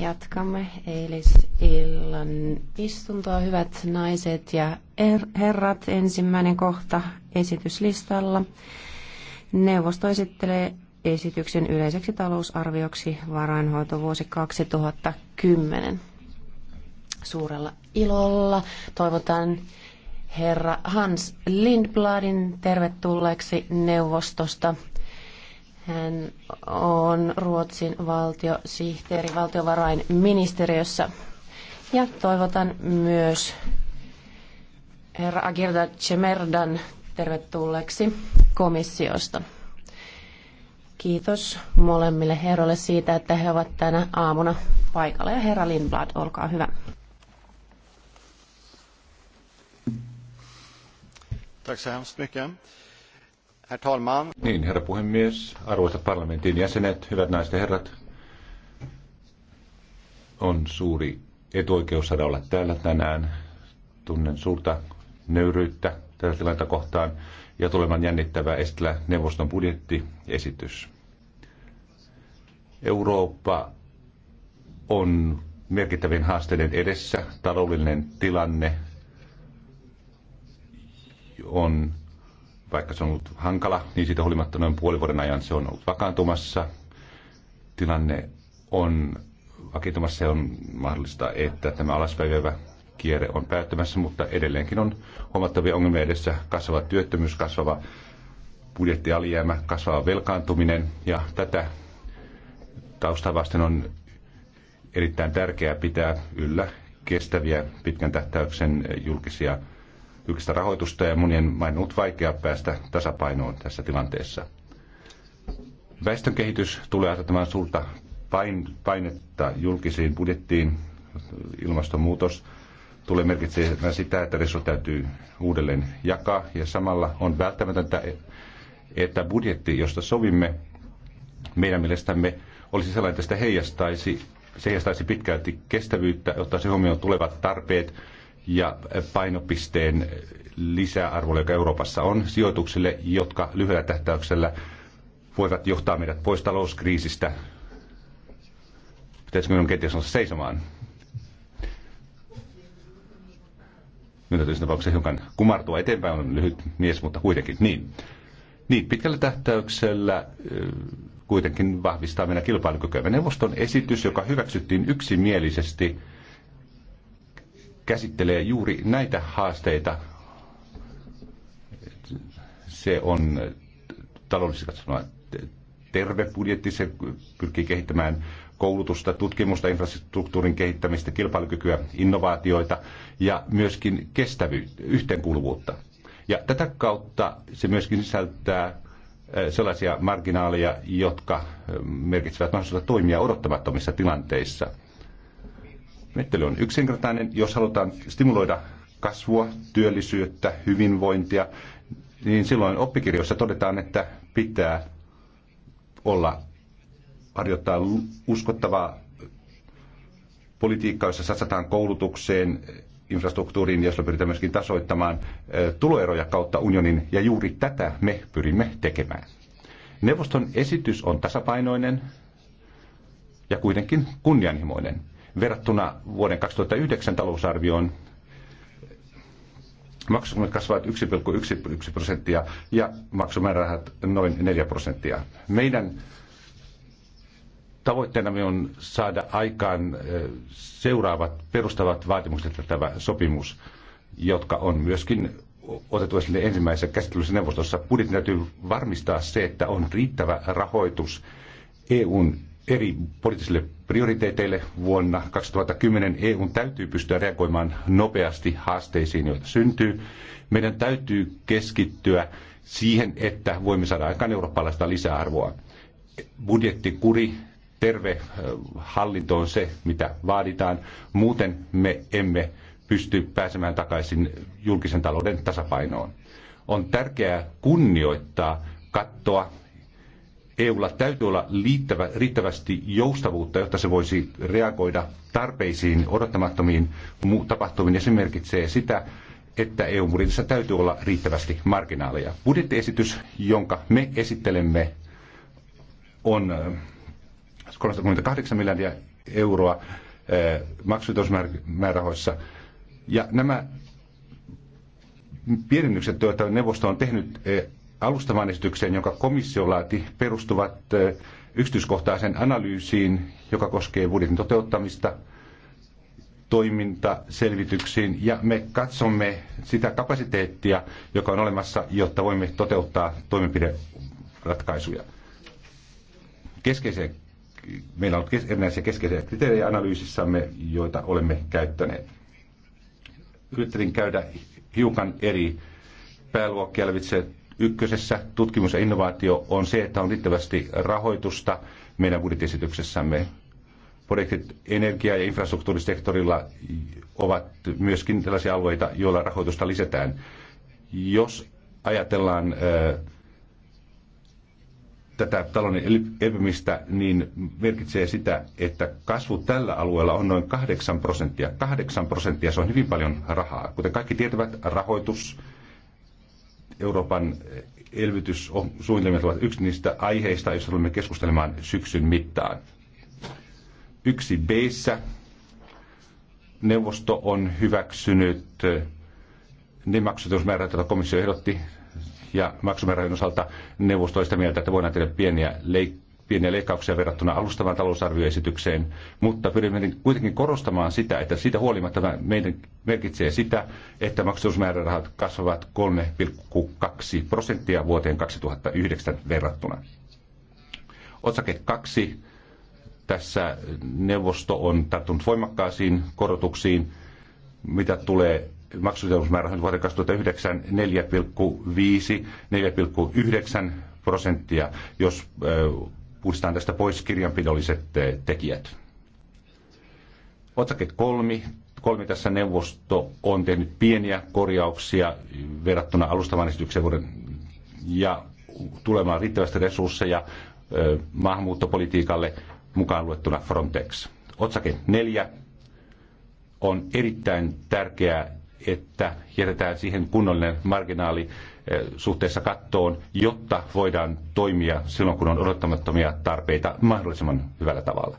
Jatkamme eilisillan istuntoa, hyvät naiset ja herrat. Ensimmäinen kohta esityslistalla. Neuvosto esittelee esityksen yleiseksi talousarvioksi varainhoitovuosi 2010. Suurella ilolla toivotan herra Hans Lindbladin tervetulleeksi neuvostosta. Hän on Ruotsin valtiosihteeri valtiovarainministeriössä. Ja toivotan myös herra Agirda Cemerdan tervetulleeksi komissiosta. Kiitos molemmille herroille siitä, että he ovat tänä aamuna paikalla. Ja herra Lindblad, olkaa hyvä. Tack så hemskt mycket. Herr talman. Niin, herra puhemies, arvoisat parlamentin jäsenet, hyvät naiset ja herrat. On suuri etuoikeus saada olla täällä tänään. Tunnen suurta nöyryyttä tätä tilannetta kohtaan ja tulevan jännittävä esitellä neuvoston budjettiesitys. Eurooppa on merkittävien haasteiden edessä. Taloudellinen tilanne on vaikka se on ollut hankala, niin siitä huolimatta noin puoli vuoden ajan se on ollut vakaantumassa. Tilanne on vakiintumassa ja on mahdollista, että tämä alaspäivävä kierre on päättymässä, mutta edelleenkin on huomattavia ongelmia edessä kasvava työttömyys, kasvava budjettialijäämä, kasvava velkaantuminen ja tätä taustaa vasten on erittäin tärkeää pitää yllä kestäviä pitkän tähtäyksen julkisia julkista rahoitusta ja monien maiden ollut vaikea päästä tasapainoon tässä tilanteessa. Väestön kehitys tulee asettamaan suurta painetta julkisiin budjettiin. Ilmastonmuutos tulee merkitsemään sitä, että resurssit täytyy uudelleen jakaa ja samalla on välttämätöntä, että budjetti, josta sovimme, meidän mielestämme olisi sellainen, että sitä heijastaisi, se heijastaisi pitkälti kestävyyttä, ottaisi huomioon tulevat tarpeet ja painopisteen lisäarvolle, joka Euroopassa on, sijoituksille, jotka lyhyellä tähtäyksellä voivat johtaa meidät pois talouskriisistä. Pitäisikö minun kenties olla seisomaan? Minun täytyy tapauksessa hiukan kumartua eteenpäin, on lyhyt mies, mutta kuitenkin niin. Niin, pitkällä tähtäyksellä kuitenkin vahvistaa meidän kilpailukykyä. Neuvoston esitys, joka hyväksyttiin yksimielisesti – käsittelee juuri näitä haasteita. Se on taloudellisesti katsottuna terve budjetti, se pyrkii kehittämään koulutusta, tutkimusta, infrastruktuurin kehittämistä, kilpailukykyä, innovaatioita ja myöskin kestävyyttä, yhteenkuuluvuutta. Ja tätä kautta se myöskin sisältää sellaisia marginaaleja, jotka merkitsevät mahdollisuutta toimia odottamattomissa tilanteissa – Menettely on yksinkertainen. Jos halutaan stimuloida kasvua, työllisyyttä, hyvinvointia, niin silloin oppikirjoissa todetaan, että pitää olla harjoittaa uskottavaa politiikkaa, jossa satsataan koulutukseen, infrastruktuuriin, jossa pyritään myöskin tasoittamaan tuloeroja kautta unionin, ja juuri tätä me pyrimme tekemään. Neuvoston esitys on tasapainoinen ja kuitenkin kunnianhimoinen verrattuna vuoden 2009 talousarvioon Maksut kasvavat 1,1 prosenttia ja maksumäärärahat noin 4 prosenttia. Meidän tavoitteenamme on saada aikaan eh, seuraavat perustavat vaatimukset tätä sopimus, jotka on myöskin otettu esille ensimmäisessä käsittelyssä neuvostossa. Budjetin täytyy varmistaa se, että on riittävä rahoitus EUn eri poliittisille prioriteeteille vuonna 2010 EUn täytyy pystyä reagoimaan nopeasti haasteisiin, joita syntyy. Meidän täytyy keskittyä siihen, että voimme saada aikaan eurooppalaista lisäarvoa. Budjettikuri, terve hallinto on se, mitä vaaditaan. Muuten me emme pysty pääsemään takaisin julkisen talouden tasapainoon. On tärkeää kunnioittaa kattoa EUlla täytyy olla liittävä, riittävästi joustavuutta, jotta se voisi reagoida tarpeisiin, odottamattomiin tapahtumiin, ja se merkitsee sitä, että EU-budjetissa täytyy olla riittävästi marginaaleja. Budjettiesitys, jonka me esittelemme, on 38 äh, miljardia euroa äh, maksutusmäärärahoissa. Ja nämä pienennykset, joita neuvosto on tehnyt äh, alustavan esitykseen, jonka komissio laati, perustuvat yksityiskohtaisen analyysiin, joka koskee budjetin toteuttamista, toimintaselvityksiin ja me katsomme sitä kapasiteettia, joka on olemassa, jotta voimme toteuttaa toimenpideratkaisuja. Keskeisiä, meillä on erinäisiä keskeisiä kriteerejä analyysissamme, joita olemme käyttäneet. Yritin käydä hiukan eri pääluokkia lävitse ykkösessä tutkimus ja innovaatio on se, että on riittävästi rahoitusta meidän budjettiesityksessämme. Projektit energia- ja infrastruktuurisektorilla ovat myöskin tällaisia alueita, joilla rahoitusta lisätään. Jos ajatellaan tätä talouden elpymistä, niin merkitsee sitä, että kasvu tällä alueella on noin 8 prosenttia. 8 prosenttia, se on hyvin paljon rahaa. Kuten kaikki tietävät, rahoitus Euroopan eh, elvytyssuunnitelmat ovat yksi niistä aiheista, joista tulemme keskustelemaan syksyn mittaan. Yksi b neuvosto on hyväksynyt eh, ne maksutusmäärät, joita komissio ehdotti, ja maksumäärän osalta neuvosto on sitä mieltä, että voidaan tehdä pieniä leikkauksia pieniä leikkauksia verrattuna alustavaan talousarvioesitykseen, mutta pyrimme kuitenkin korostamaan sitä, että siitä huolimatta meidän merkitsee sitä, että maksatusmäärärahat kasvavat 3,2 prosenttia vuoteen 2009 verrattuna. Otsake 2. Tässä neuvosto on tarttunut voimakkaisiin korotuksiin, mitä tulee maksuseumusmäärä vuoteen 2009 4,5-4,9 prosenttia, jos Puhdistetaan tästä pois kirjanpidolliset eh, tekijät. Otsake kolmi. Kolmi tässä neuvosto on tehnyt pieniä korjauksia verrattuna alustavan esityksen vuoden ja tulemaan riittävästi resursseja eh, maahanmuuttopolitiikalle mukaan luettuna Frontex. Otsake neljä on erittäin tärkeää, että jätetään siihen kunnollinen marginaali Eh, suhteessa kattoon, jotta voidaan toimia silloin, kun on odottamattomia tarpeita mahdollisimman hyvällä tavalla.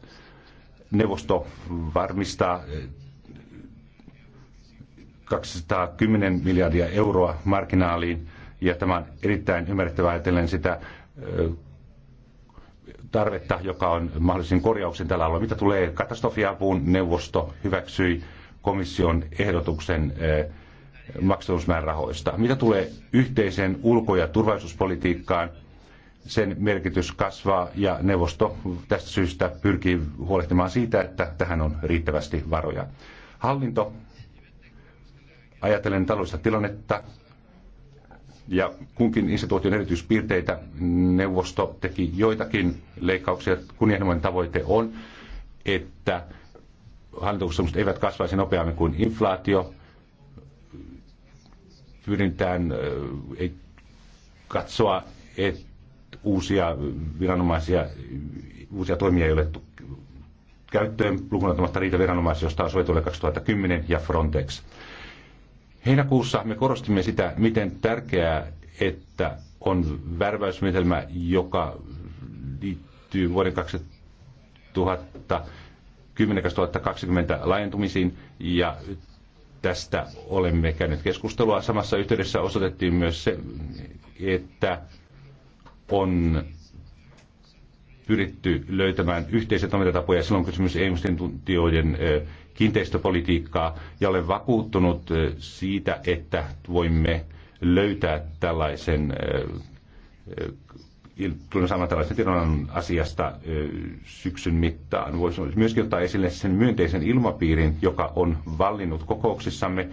Neuvosto varmistaa 210 eh, miljardia euroa marginaaliin, ja tämä on erittäin ymmärrettävää ajatellen sitä eh, tarvetta, joka on mahdollisin korjauksen tällä alueella. Mitä tulee katastrofiapuun, neuvosto hyväksyi komission ehdotuksen eh, maksatusmäärärahoista. Mitä tulee yhteiseen ulko- ja turvallisuuspolitiikkaan, sen merkitys kasvaa ja neuvosto tästä syystä pyrkii huolehtimaan siitä, että tähän on riittävästi varoja. Hallinto, ajatellen taloudellista tilannetta ja kunkin instituution erityispiirteitä, neuvosto teki joitakin leikkauksia. Kunnianhimoinen tavoite on, että hallintokustannukset eivät kasvaisi nopeammin kuin inflaatio pyritään katsoa, että uusia viranomaisia, uusia toimia ei ole käyttöön lukunottamatta riitä viranomaisia, josta on sovittu 2010 ja Frontex. Heinäkuussa me korostimme sitä, miten tärkeää, että on värväysmenetelmä, joka liittyy vuoden 2010-2020 laajentumisiin ja Tästä olemme käyneet keskustelua. Samassa yhteydessä osoitettiin myös se, että on pyritty löytämään yhteisiä toimintatapoja. Silloin on kysymys EU-instituutioiden kiinteistöpolitiikkaa ja olen vakuuttunut siitä, että voimme löytää tällaisen tulen saamaan tällaisen tiedon asiasta syksyn mittaan. Voisi myöskin ottaa esille sen myönteisen ilmapiirin, joka on vallinnut kokouksissamme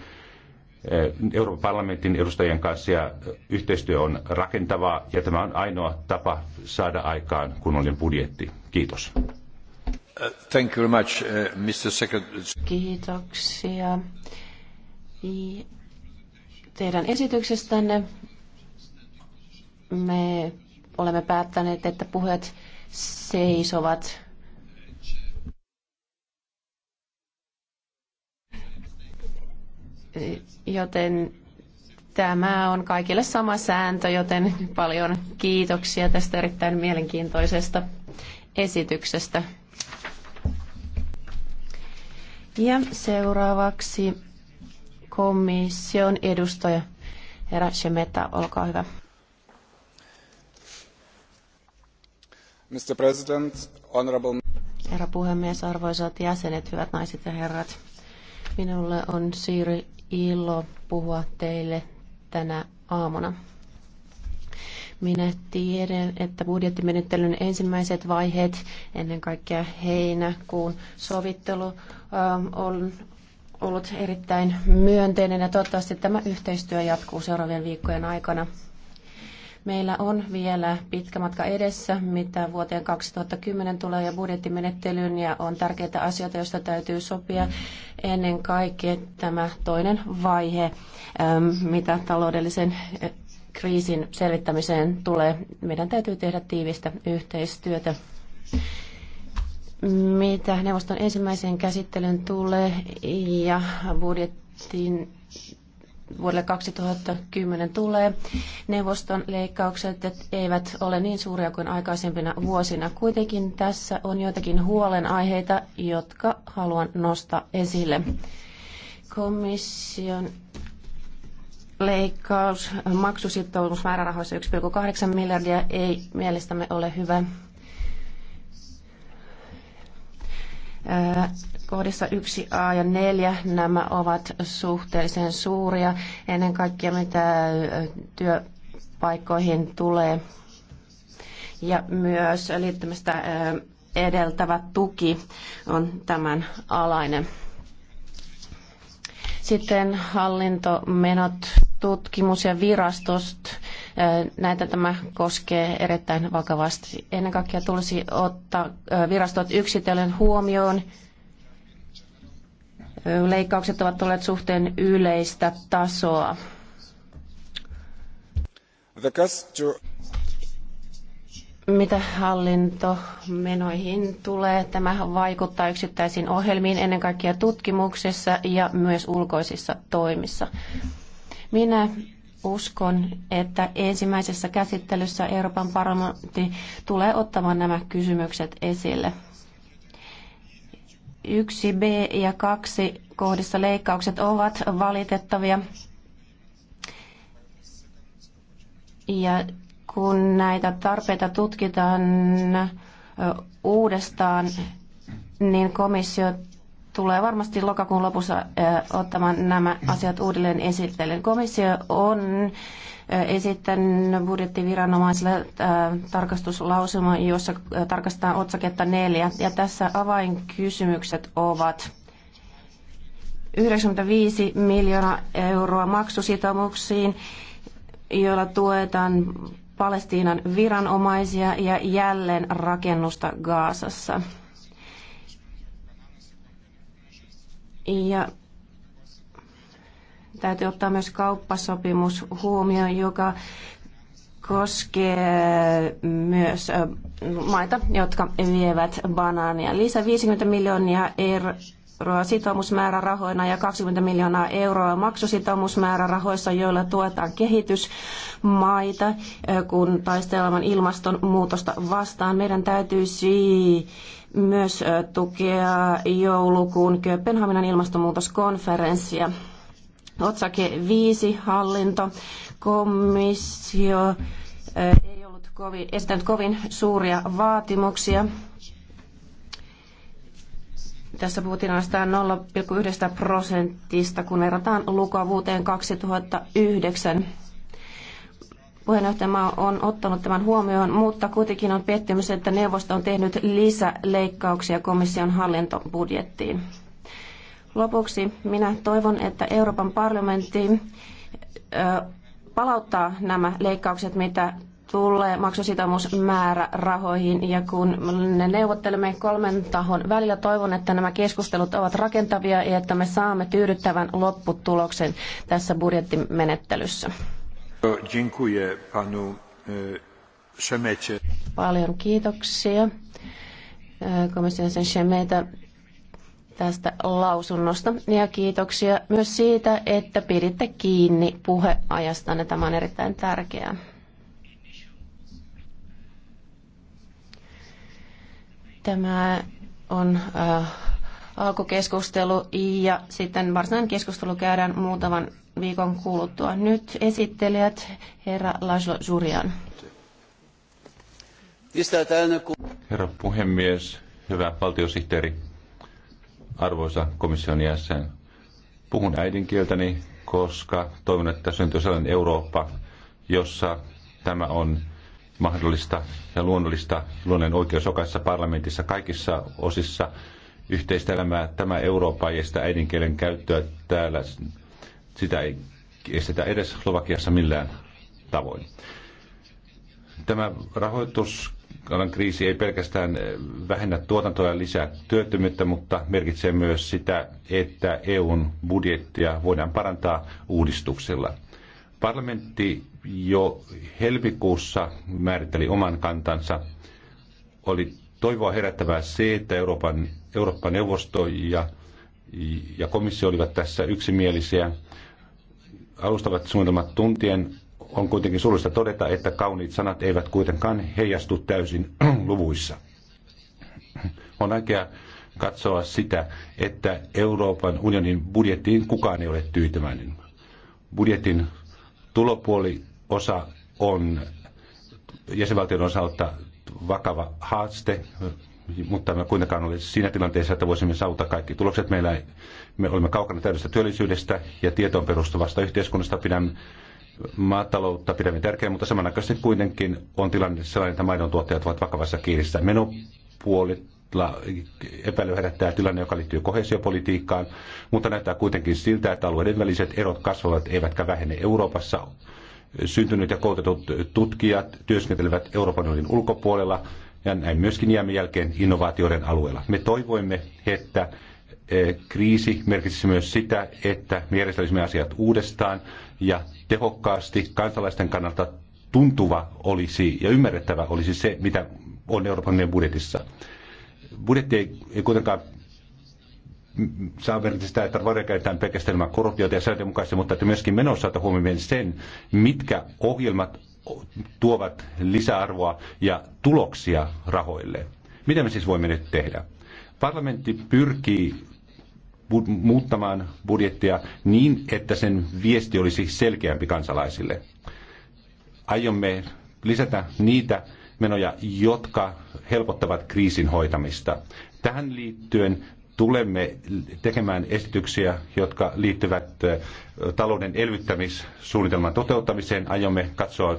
Euroopan parlamentin edustajien kanssa ja yhteistyö on rakentavaa ja tämä on ainoa tapa saada aikaan kunnollinen budjetti. Kiitos. Uh, thank you very much, uh, Mr. Secretary. Kiitoksia teidän esityksestänne. Me olemme päättäneet, että puheet seisovat. Joten tämä on kaikille sama sääntö, joten paljon kiitoksia tästä erittäin mielenkiintoisesta esityksestä. Ja seuraavaksi komission edustaja Herra Shemeta, olkaa hyvä. Herra puhemies, arvoisat jäsenet, hyvät naiset ja herrat. Minulle on siiri ilo puhua teille tänä aamuna. Minä tiedän, että budjettimenettelyn ensimmäiset vaiheet, ennen kaikkea heinäkuun sovittelu, ähm, on ollut erittäin myönteinen ja toivottavasti tämä yhteistyö jatkuu seuraavien viikkojen aikana. Meillä on vielä pitkä matka edessä, mitä vuoteen 2010 tulee ja budjettimenettelyyn ja on tärkeitä asioita, joista täytyy sopia ennen kaikkea tämä toinen vaihe, ähm, mitä taloudellisen äh, kriisin selvittämiseen tulee. Meidän täytyy tehdä tiivistä yhteistyötä. Mitä neuvoston ensimmäiseen käsittelyyn tulee ja budjettiin vuodelle 2010 tulee. Neuvoston leikkaukset eivät ole niin suuria kuin aikaisempina vuosina. Kuitenkin tässä on joitakin huolenaiheita, jotka haluan nostaa esille. Komission leikkaus maksusitoumusmäärärahoissa 1,8 miljardia ei mielestämme ole hyvä Kohdissa 1a ja 4 nämä ovat suhteellisen suuria. Ennen kaikkea mitä työpaikkoihin tulee ja myös liittymistä edeltävä tuki on tämän alainen. Sitten hallintomenot, tutkimus ja virastost. Näitä tämä koskee erittäin vakavasti. Ennen kaikkea tulisi ottaa virastot yksitellen huomioon leikkaukset ovat olleet suhteen yleistä tasoa. Mitä hallintomenoihin tulee, tämä vaikuttaa yksittäisiin ohjelmiin ennen kaikkea tutkimuksessa ja myös ulkoisissa toimissa. Minä uskon, että ensimmäisessä käsittelyssä Euroopan parlamentti tulee ottamaan nämä kysymykset esille. Yksi b ja kaksi kohdissa leikkaukset ovat valitettavia. Ja kun näitä tarpeita tutkitaan uudestaan, niin komissio tulee varmasti lokakuun lopussa ottamaan nämä asiat uudelleen esitellen. Komissio on sitten budjettiviranomaisille tarkastuslausuma, jossa tarkastetaan otsaketta neljä. Ja tässä avainkysymykset ovat 95 miljoonaa euroa maksusitoumuksiin, joilla tuetaan Palestiinan viranomaisia ja jälleen rakennusta Gaasassa. Ja Täytyy ottaa myös kauppasopimus huomioon, joka koskee myös maita, jotka vievät banaania. Lisä 50 miljoonia euroa sitoumusmäärärahoina ja 20 miljoonaa euroa maksusitoumusmäärärahoissa, joilla tuetaan kehitysmaita, kun taistelemaan ilmastonmuutosta vastaan. Meidän täytyy myös tukea joulukuun Kööpenhaminan ilmastonmuutoskonferenssia. Otsake 5, hallinto, komissio ei ollut kovin, esittänyt kovin suuria vaatimuksia. Tässä puhuttiin ainoastaan 0,1 prosentista, kun verrataan lukua vuoteen 2009. Puheenjohtajamaa on ottanut tämän huomioon, mutta kuitenkin on pettymys, että neuvosto on tehnyt lisäleikkauksia komission hallintobudjettiin. Lopuksi minä toivon, että Euroopan parlamentti palauttaa nämä leikkaukset, mitä tulee maksusitoumusmäärärahoihin ja kun ne neuvottelemme kolmen tahon välillä, toivon, että nämä keskustelut ovat rakentavia ja että me saamme tyydyttävän lopputuloksen tässä budjettimenettelyssä. E, Paljon kiitoksia e, komission sen Shemeta tästä lausunnosta ja kiitoksia myös siitä, että piditte kiinni puheajastanne. Tämä on erittäin tärkeää. Tämä on äh, alkukeskustelu ja sitten varsinainen keskustelu käydään muutaman viikon kuluttua. Nyt esittelijät, herra Laszlo Zurian. Herra puhemies, hyvä valtiosihteeri, Arvoisa komission jäsen, puhun äidinkieltäni, koska toivon, että syntyy sellainen Eurooppa, jossa tämä on mahdollista ja luonnollista, luonnollinen oikeus jokaisessa parlamentissa, kaikissa osissa yhteistä elämää. Tämä Eurooppa ei estä äidinkielen käyttöä täällä. Sitä ei estetä edes Slovakiassa millään tavoin. Tämä rahoitusalan kriisi ei pelkästään eh, vähennä tuotantoa ja lisää työttömyyttä, mutta merkitsee myös sitä, että EUn budjettia voidaan parantaa uudistuksilla. Parlamentti jo helmikuussa määritteli oman kantansa. Oli toivoa herättävää se, että Euroopan, Euroopan neuvosto ja, ja komissio olivat tässä yksimielisiä. Alustavat suunnitelmat tuntien on kuitenkin surullista todeta, että kauniit sanat eivät kuitenkaan heijastu täysin luvuissa. On aikea katsoa sitä, että Euroopan unionin budjettiin kukaan ei ole tyytyväinen. Budjetin tulopuoli osa on jäsenvaltion osalta vakava haaste, mutta me kuitenkaan ole siinä tilanteessa, että voisimme saavuttaa kaikki tulokset. Meillä me olemme kaukana täydestä työllisyydestä ja tietoon perustuvasta yhteiskunnasta. Pidän maataloutta pidämme tärkeänä, mutta samanaikaisesti kuitenkin on tilanne sellainen, että maidon tuottajat ovat vakavassa kiirissä. Menopuolilla epäily herättää tilanne, joka liittyy kohesiopolitiikkaan, mutta näyttää kuitenkin siltä, että alueiden väliset erot kasvavat eivätkä vähene Euroopassa. Syntyneet ja koulutetut tutkijat työskentelevät Euroopan unionin ulkopuolella ja näin myöskin jäämme jälkeen innovaatioiden alueella. Me toivoimme, että eh, kriisi merkitsisi myös sitä, että me järjestelisimme asiat uudestaan ja tehokkaasti kansalaisten kannalta tuntuva olisi ja ymmärrettävä olisi se, mitä on Euroopan unionin budjetissa. Budjetti ei, ei kuitenkaan saa merkitä sitä, että varoja käytetään pelkästään ilman korruptiota ja sääntöjen mukaisesti, mutta että myöskin menossa ottaa huomioon sen, mitkä ohjelmat tuovat lisäarvoa ja tuloksia rahoille. Mitä me siis voimme nyt tehdä? Parlamentti pyrkii muuttamaan budjettia niin, että sen viesti olisi selkeämpi kansalaisille. Aiomme lisätä niitä menoja, jotka helpottavat kriisin hoitamista. Tähän liittyen tulemme tekemään esityksiä, jotka liittyvät talouden elvyttämissuunnitelman toteuttamiseen. Aiomme katsoa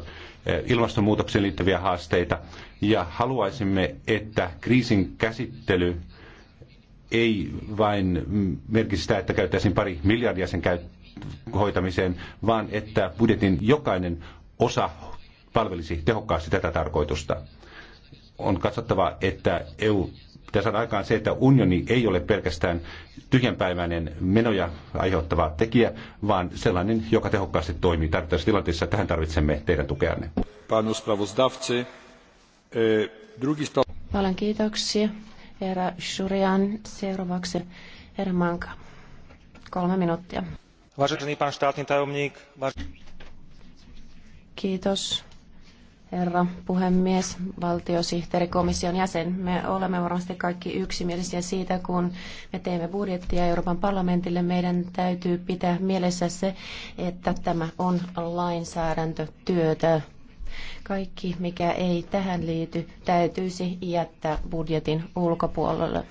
ilmastonmuutokseen liittyviä haasteita ja haluaisimme, että kriisin käsittely ei vain merkitsi sitä, että käyttäisiin pari miljardia sen käyt- hoitamiseen, vaan että budjetin jokainen osa palvelisi tehokkaasti tätä tarkoitusta. On katsottava, että EU pitää saada aikaan se, että unioni ei ole pelkästään tyhjänpäiväinen menoja aiheuttava tekijä, vaan sellainen, joka tehokkaasti toimii tarvittavassa tilanteessa. Tähän tarvitsemme teidän tukeanne. E, Paljon kiitoksia. Herra Shurian, seuraavaksi herra Manka. Kolme minuuttia. Vážený pán štátny tajomník. Kiitos, herra puhemies, valtiosihteeri, komission jäsen. Me olemme varmasti kaikki yksimielisiä siitä, kun me teemme budjettia Euroopan parlamentille. Meidän täytyy pitää mielessä se, että tämä on lainsäädäntötyötä kaikki, mikä ei tähän liity, täytyisi jättää budjetin ulkopuolelle.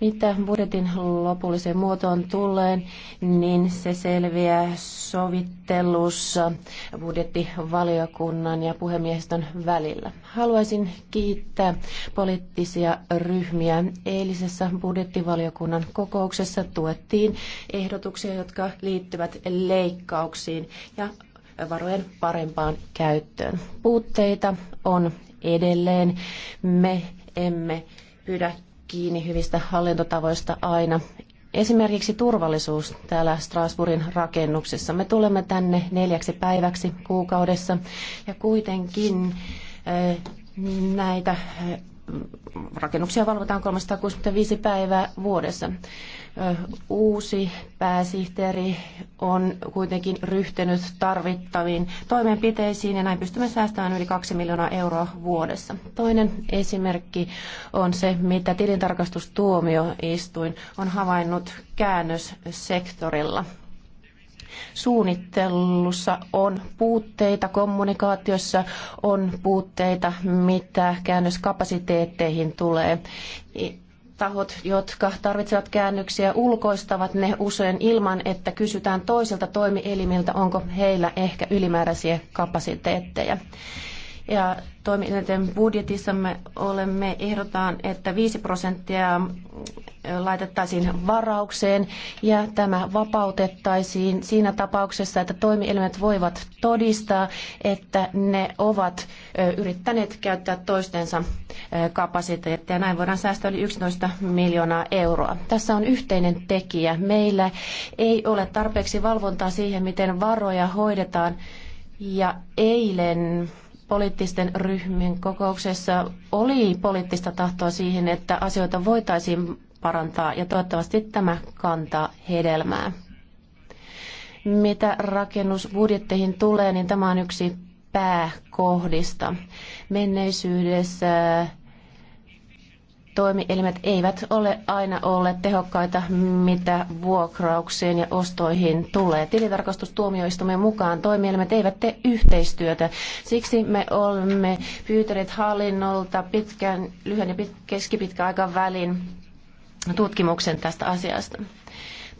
Mitä budjetin lopulliseen muotoon tulee, niin se selviää sovittelussa budjettivaliokunnan ja puhemiehistön välillä. Haluaisin kiittää poliittisia ryhmiä. Eilisessä budjettivaliokunnan kokouksessa tuettiin ehdotuksia, jotka liittyvät leikkauksiin ja varojen parempaan käyttöön. Puutteita on edelleen. Me emme pyydä kiinni hyvistä hallintotavoista aina. Esimerkiksi turvallisuus täällä Strasbourgin rakennuksessa. Me tulemme tänne neljäksi päiväksi kuukaudessa ja kuitenkin eh, näitä eh, rakennuksia valvotaan 365 päivää vuodessa. Uusi pääsihteeri on kuitenkin ryhtynyt tarvittaviin toimenpiteisiin ja näin pystymme säästämään yli 2 miljoonaa euroa vuodessa. Toinen esimerkki on se, mitä tilintarkastustuomioistuin on havainnut käännössektorilla. Suunnittelussa on puutteita, kommunikaatiossa on puutteita, mitä käännöskapasiteetteihin tulee tahot, jotka tarvitsevat käännöksiä, ulkoistavat ne usein ilman, että kysytään toiselta toimielimiltä, onko heillä ehkä ylimääräisiä kapasiteetteja. Ja toimielinten budjetissa me olemme ehdotaan, että 5 prosenttia laitettaisiin varaukseen ja tämä vapautettaisiin siinä tapauksessa, että toimielimet voivat todistaa, että ne ovat yrittäneet käyttää toistensa kapasiteettia. Näin voidaan säästää yli 11 miljoonaa euroa. Tässä on yhteinen tekijä. Meillä ei ole tarpeeksi valvontaa siihen, miten varoja hoidetaan. Ja eilen poliittisten ryhmien kokouksessa oli poliittista tahtoa siihen, että asioita voitaisiin parantaa ja toivottavasti tämä kantaa hedelmää. Mitä rakennusbudjetteihin tulee, niin tämä on yksi pääkohdista. Menneisyydessä toimielimet eivät ole aina olleet tehokkaita, mitä vuokrauksiin ja ostoihin tulee. Tilitarkastustuomioistuimen mukaan toimielimet eivät tee yhteistyötä. Siksi me olemme pyytäneet hallinnolta pitkän, lyhyen ja keskipitkän aikavälin tutkimuksen tästä asiasta.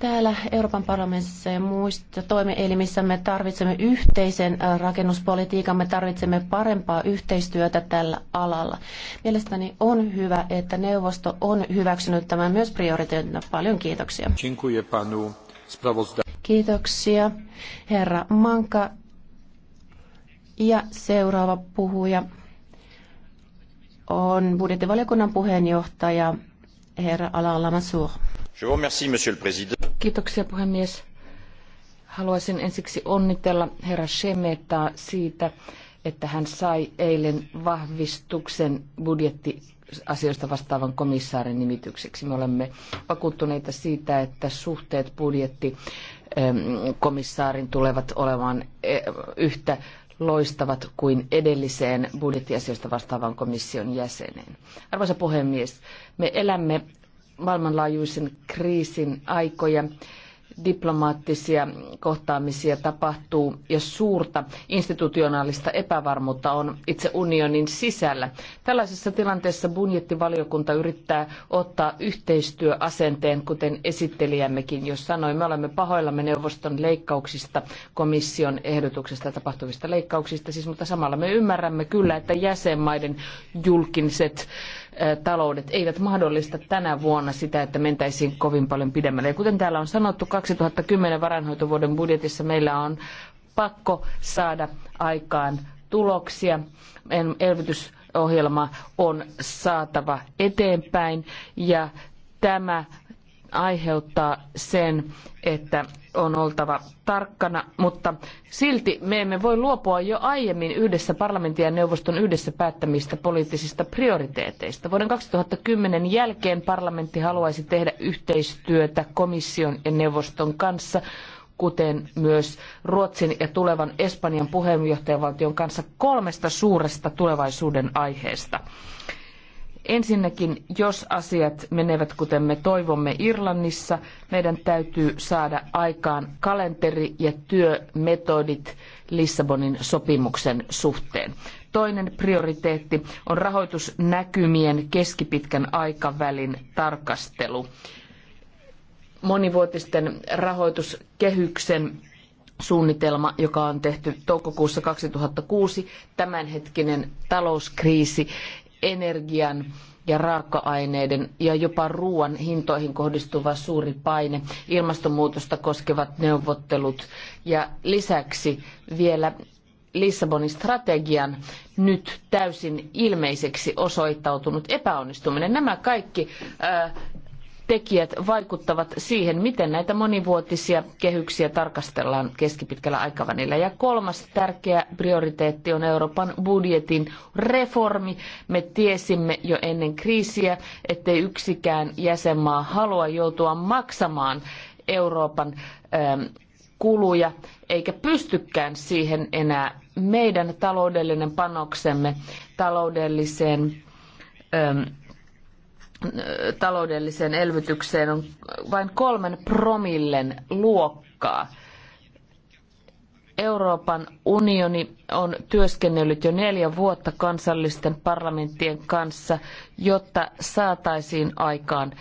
Täällä Euroopan parlamentissa ja muissa toimielimissä me tarvitsemme yhteisen äh, rakennuspolitiikan, me tarvitsemme parempaa yhteistyötä tällä alalla. Mielestäni on hyvä, että neuvosto on hyväksynyt tämän myös prioriteettina. Paljon kiitoksia. Kiitoksia, herra Manka. Ja seuraava puhuja on budjettivaliokunnan puheenjohtaja herra Alain Lamassoure. Kiitoksia puhemies. Haluaisin ensiksi onnitella herra Shemetaa siitä, että hän sai eilen vahvistuksen budjettiasioista vastaavan komissaarin nimitykseksi. Me olemme vakuuttuneita siitä, että suhteet budjettikomissaarin ähm, tulevat olemaan äh, yhtä loistavat kuin edelliseen budjettiasioista vastaavan komission jäseneen. Arvoisa puhemies, me elämme maailmanlaajuisen kriisin aikoja diplomaattisia kohtaamisia tapahtuu ja suurta institutionaalista epävarmuutta on itse unionin sisällä. Tällaisessa tilanteessa budjettivaliokunta yrittää ottaa yhteistyöasenteen, kuten esittelijämmekin jo sanoi. Me olemme pahoillamme neuvoston leikkauksista, komission ehdotuksesta tapahtuvista leikkauksista, siis, mutta samalla me ymmärrämme kyllä, että jäsenmaiden julkiset taloudet eivät mahdollista tänä vuonna sitä, että mentäisiin kovin paljon pidemmälle. Ja kuten täällä on sanottu, 2010 varainhoitovuoden budjetissa meillä on pakko saada aikaan tuloksia. Elvytysohjelma on saatava eteenpäin ja tämä aiheuttaa sen, että on oltava tarkkana, mutta silti me emme voi luopua jo aiemmin yhdessä parlamentin ja neuvoston yhdessä päättämistä poliittisista prioriteeteista. Vuoden 2010 jälkeen parlamentti haluaisi tehdä yhteistyötä komission ja neuvoston kanssa, kuten myös Ruotsin ja tulevan Espanjan puheenjohtajavaltion kanssa kolmesta suuresta tulevaisuuden aiheesta. Ensinnäkin, jos asiat menevät kuten me toivomme Irlannissa, meidän täytyy saada aikaan kalenteri ja työmetodit Lissabonin sopimuksen suhteen. Toinen prioriteetti on rahoitusnäkymien keskipitkän aikavälin tarkastelu. Monivuotisten rahoituskehyksen suunnitelma, joka on tehty toukokuussa 2006, tämänhetkinen talouskriisi energian ja raaka-aineiden ja jopa ruoan hintoihin kohdistuva suuri paine, ilmastonmuutosta koskevat neuvottelut ja lisäksi vielä Lissabonin strategian nyt täysin ilmeiseksi osoittautunut epäonnistuminen. Nämä kaikki tekijät vaikuttavat siihen, miten näitä monivuotisia kehyksiä tarkastellaan keskipitkällä aikavälillä. Ja kolmas tärkeä prioriteetti on Euroopan budjetin reformi. Me tiesimme jo ennen kriisiä, ettei yksikään jäsenmaa halua joutua maksamaan Euroopan ähm, kuluja, eikä pystykään siihen enää. Meidän taloudellinen panoksemme taloudelliseen ähm, taloudelliseen elvytykseen on vain kolmen promillen luokkaa. Euroopan unioni on työskennellyt jo neljä vuotta kansallisten parlamenttien kanssa, jotta saataisiin aikaan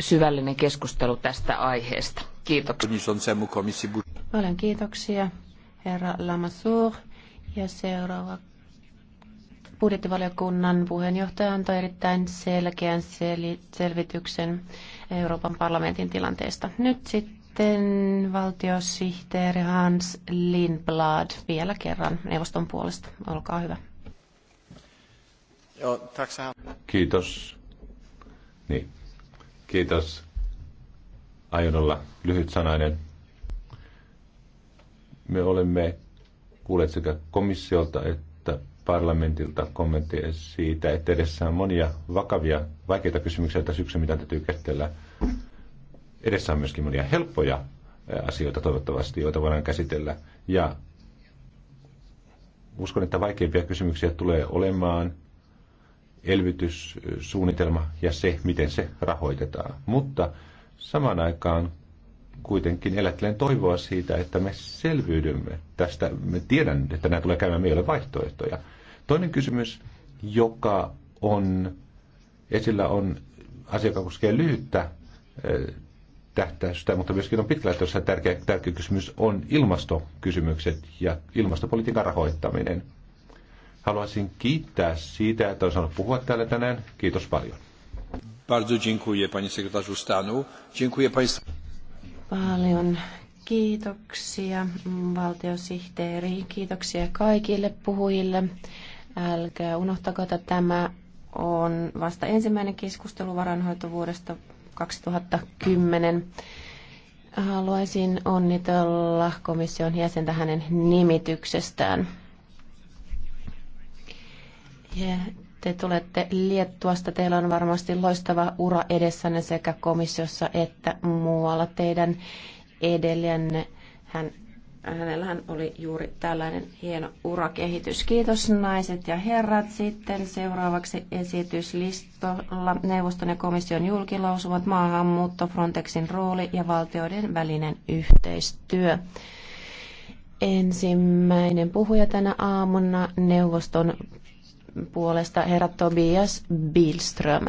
syvällinen keskustelu tästä aiheesta. Kiitoksia. Paljon kiitoksia, herra Lamassoure. Ja seuraavaksi Budjettivaliokunnan puheenjohtaja antoi erittäin selkeän selvityksen Euroopan parlamentin tilanteesta. Nyt sitten valtiosihteeri Hans Lindblad vielä kerran neuvoston puolesta. Olkaa hyvä. Kiitos. Niin. Kiitos. Aion olla lyhyt sanainen. Me olemme kuulleet sekä komissiolta että parlamentilta kommentti siitä, että edessä on monia vakavia, vaikeita kysymyksiä tässä syksyn, mitä täytyy käsitellä. Edessä on myöskin monia helppoja asioita toivottavasti, joita voidaan käsitellä. Ja uskon, että vaikeimpia kysymyksiä tulee olemaan elvytyssuunnitelma ja se, miten se rahoitetaan. Mutta samaan aikaan kuitenkin elättelen toivoa siitä, että me selviydymme tästä. Me tiedän, että nämä tulee käymään meille vaihtoehtoja. Toinen kysymys, joka on esillä, on asia, joka koskee lyhyttä e, tähtäystä, mutta myöskin on pitkällä tässä tärkeä, tärkeä kysymys on ilmastokysymykset ja ilmastopolitiikan rahoittaminen. Haluaisin kiittää siitä, että olen saanut puhua täällä tänään. Kiitos paljon. Bardzo dziękuję, panie sekretarzu stanu. Dziękuję państwu. Paljon kiitoksia valtiosihteeri, kiitoksia kaikille puhujille. Älkää unohtako, että tämä on vasta ensimmäinen keskustelu varanhoitovuodesta 2010. Haluaisin onnitella komission jäsentä hänen nimityksestään. Yeah. Te tulette Liettuasta. Teillä on varmasti loistava ura edessänne sekä komissiossa että muualla teidän edellänne. Hän, hänellähän oli juuri tällainen hieno urakehitys. Kiitos naiset ja herrat. Sitten seuraavaksi esityslistolla neuvoston ja komission julkilausumat maahanmuutto, Frontexin rooli ja valtioiden välinen yhteistyö. Ensimmäinen puhuja tänä aamuna neuvoston puolesta herra Tobias Bilström.